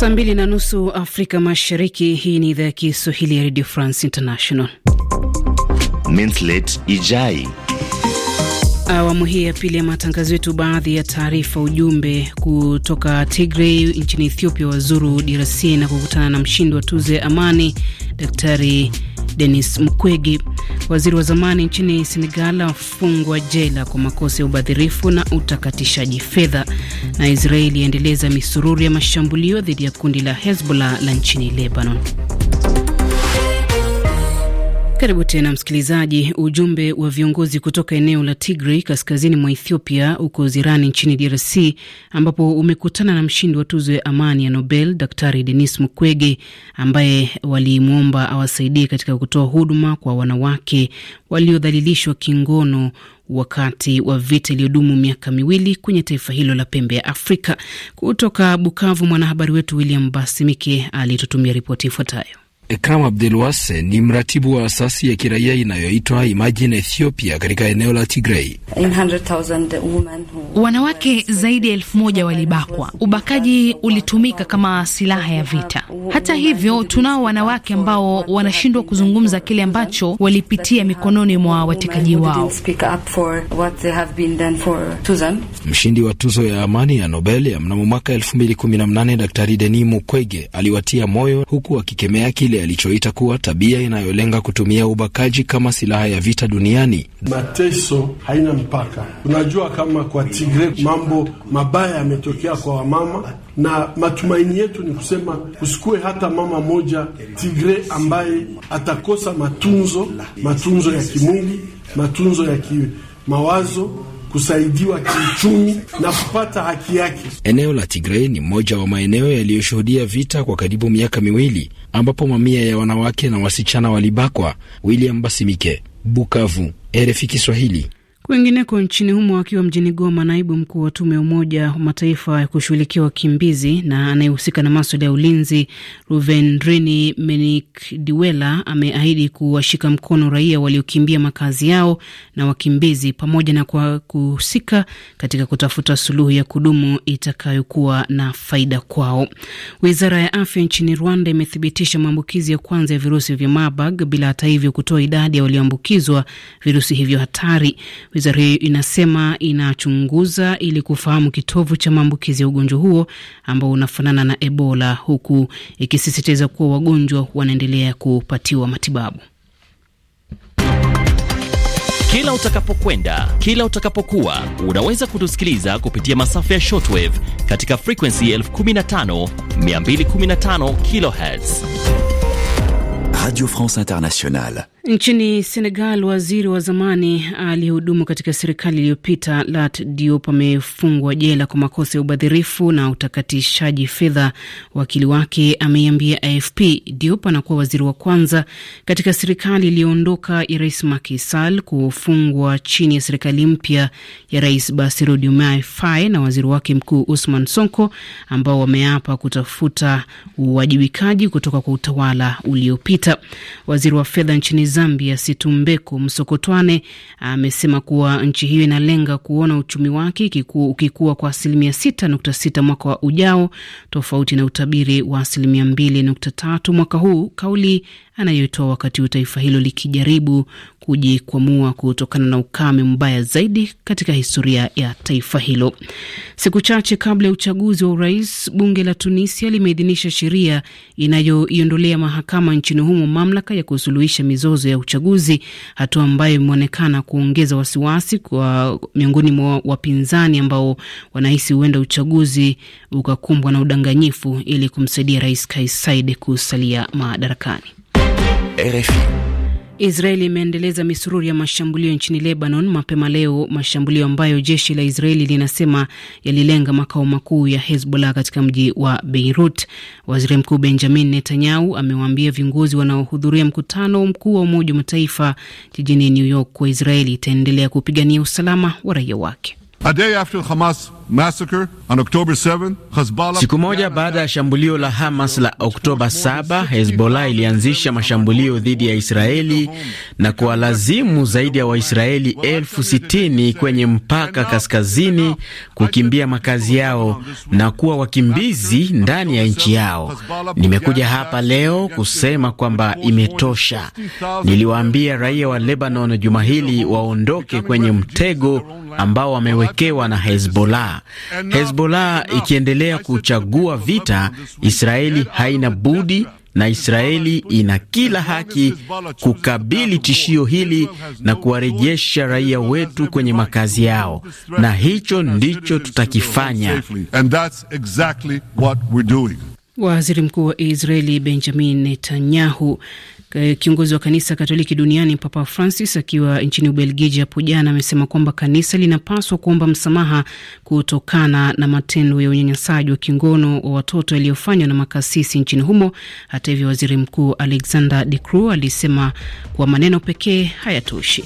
Saa mbili na nusu Afrika Mashariki. Hii ni idhaa ya Kiswahili ya Radio France International. Mintlet Ijai. Awamu hii ya pili ya matangazo yetu, baadhi ya taarifa. Ujumbe kutoka Tigray nchini Ethiopia wazuru DRC na kukutana na mshindi wa tuzo ya amani Daktari Denis Mukwege. Waziri wa zamani nchini Senegal afungwa jela kwa makosa ya ubadhirifu na utakatishaji fedha. Na Israeli yaendeleza misururi ya mashambulio dhidi ya kundi la Hezbollah la nchini Lebanon. Karibu tena msikilizaji. Ujumbe wa viongozi kutoka eneo la Tigray kaskazini mwa Ethiopia huko zirani nchini DRC ambapo umekutana na mshindi wa tuzo ya amani ya Nobel Daktari Denis Mukwege ambaye walimwomba awasaidie katika kutoa huduma kwa wanawake waliodhalilishwa kingono wakati wa vita iliyodumu miaka miwili kwenye taifa hilo la pembe ya Afrika. Kutoka Bukavu, mwanahabari wetu William Basimike alitutumia ripoti ifuatayo. Ekram Abdel Wase ni mratibu wa asasi ya kiraia inayoitwa Imagine Ethiopia katika eneo la Tigray. Wanawake zaidi ya elfu moja walibakwa. Ubakaji ulitumika kama silaha ya vita. Hata hivyo, tunao wanawake ambao wanashindwa kuzungumza kile ambacho walipitia mikononi mwa watekaji wao. Mshindi wa tuzo ya amani ya Nobel ya mnamo mwaka 2018 Daktari Denis Mukwege aliwatia moyo huku akikemea kile kile alichoita kuwa tabia inayolenga kutumia ubakaji kama silaha ya vita duniani. Mateso haina mpaka. Tunajua kama kwa Tigre mambo mabaya yametokea kwa wamama na matumaini yetu ni kusema kusikue hata mama moja Tigre ambaye atakosa matunzo, matunzo ya kimwili, matunzo ya kimawazo, kusaidiwa kiuchumi na kupata haki yake. Eneo la Tigre ni mmoja wa maeneo yaliyoshuhudia vita kwa karibu miaka miwili ambapo mamia ya wanawake na wasichana walibakwa. William Basimike, Bukavu, RFI Kiswahili. Kwingineko nchini humo, akiwa mjini Goma, naibu mkuu wa tume ya Umoja wa Mataifa ya kushughulikia wakimbizi na anayehusika na maswala ya ulinzi Menik Diwela ameahidi kuwashika mkono raia waliokimbia makazi yao na wakimbizi pamoja na kwa kuhusika katika kutafuta suluhu ya kudumu itakayokuwa na faida kwao. Wizara ya afya nchini Rwanda imethibitisha maambukizi ya kwanza ya virusi vya Marburg bila hata hivyo kutoa idadi ya walioambukizwa virusi hivyo hatari. Wizara hiyo inasema inachunguza ili kufahamu kitovu cha maambukizi ya ugonjwa huo ambao unafanana na Ebola, huku ikisisitiza kuwa wagonjwa wanaendelea kupatiwa matibabu. Kila utakapokwenda, kila utakapokuwa, unaweza kutusikiliza kupitia masafa ya shortwave katika frequency 15215 215 Radio France Internationale. Nchini Senegal, waziri wa zamani aliyehudumu katika serikali iliyopita Lat Diop amefungwa jela kwa makosa ya ubadhirifu na utakatishaji fedha. Wakili wake ameiambia AFP Diop anakuwa waziri wa kwanza katika serikali iliyoondoka ya Rais Macky Sall kufungwa chini ya serikali mpya ya Rais Bassirou Diomaye Faye na waziri wake mkuu Usman Sonko, ambao wameapa kutafuta uwajibikaji kutoka kwa utawala uliopita. Waziri wa fedha nchini Zambia Situmbeko Msokotwane amesema kuwa nchi hiyo inalenga kuona uchumi wake ukikua kwa asilimia 6.6 mwaka wa ujao, tofauti na utabiri wa asilimia 2.3 mwaka huu, kauli anayoitoa wakati huu taifa hilo likijaribu kujikwamua kutokana na ukame mbaya zaidi katika historia ya taifa hilo. Siku chache kabla ya uchaguzi wa urais, bunge la Tunisia limeidhinisha sheria inayoiondolea mahakama nchini humo mamlaka ya kusuluhisha mizozo matangazo ya uchaguzi, hatua ambayo imeonekana kuongeza wasiwasi kwa miongoni mwa wapinzani ambao wanahisi huenda uchaguzi ukakumbwa na udanganyifu ili kumsaidia Rais Kais Saied kusalia madarakani. RFI. Israeli imeendeleza misururi ya mashambulio nchini Lebanon mapema leo, mashambulio ambayo jeshi la Israeli linasema yalilenga makao makuu ya Hezbollah katika mji wa Beirut. Waziri Mkuu Benjamin Netanyahu amewaambia viongozi wanaohudhuria mkutano mkuu wa Umoja wa Mataifa jijini New York kuwa Israeli itaendelea kupigania usalama wa raia wake. A day after Hamas massacre on October 7, Hezbollah. Siku moja baada ya shambulio la Hamas la Oktoba 7, Hezbollah ilianzisha mashambulio dhidi ya Israeli na kuwalazimu zaidi ya Waisraeli elfu sitini kwenye mpaka kaskazini kukimbia makazi yao na kuwa wakimbizi ndani ya nchi yao. Nimekuja hapa leo kusema kwamba imetosha. Niliwaambia raia wa Lebanon juma hili waondoke kwenye mtego ambao wamewekewa na Hezbollah. Hezbollah. ikiendelea kuchagua vita, Israeli haina budi na Israeli ina kila haki kukabili tishio hili na kuwarejesha raia wetu kwenye makazi yao, na hicho ndicho tutakifanya. Waziri Mkuu wa Israeli Benjamin Netanyahu, kiongozi wa kanisa Katoliki duniani, Papa Francis akiwa nchini Ubelgiji hapo jana, amesema kwamba kanisa linapaswa kuomba msamaha kutokana na matendo ya unyanyasaji wa kingono wa watoto yaliyofanywa na makasisi nchini humo. Hata hivyo, waziri mkuu Alexander De Croo alisema kuwa maneno pekee hayatoshi.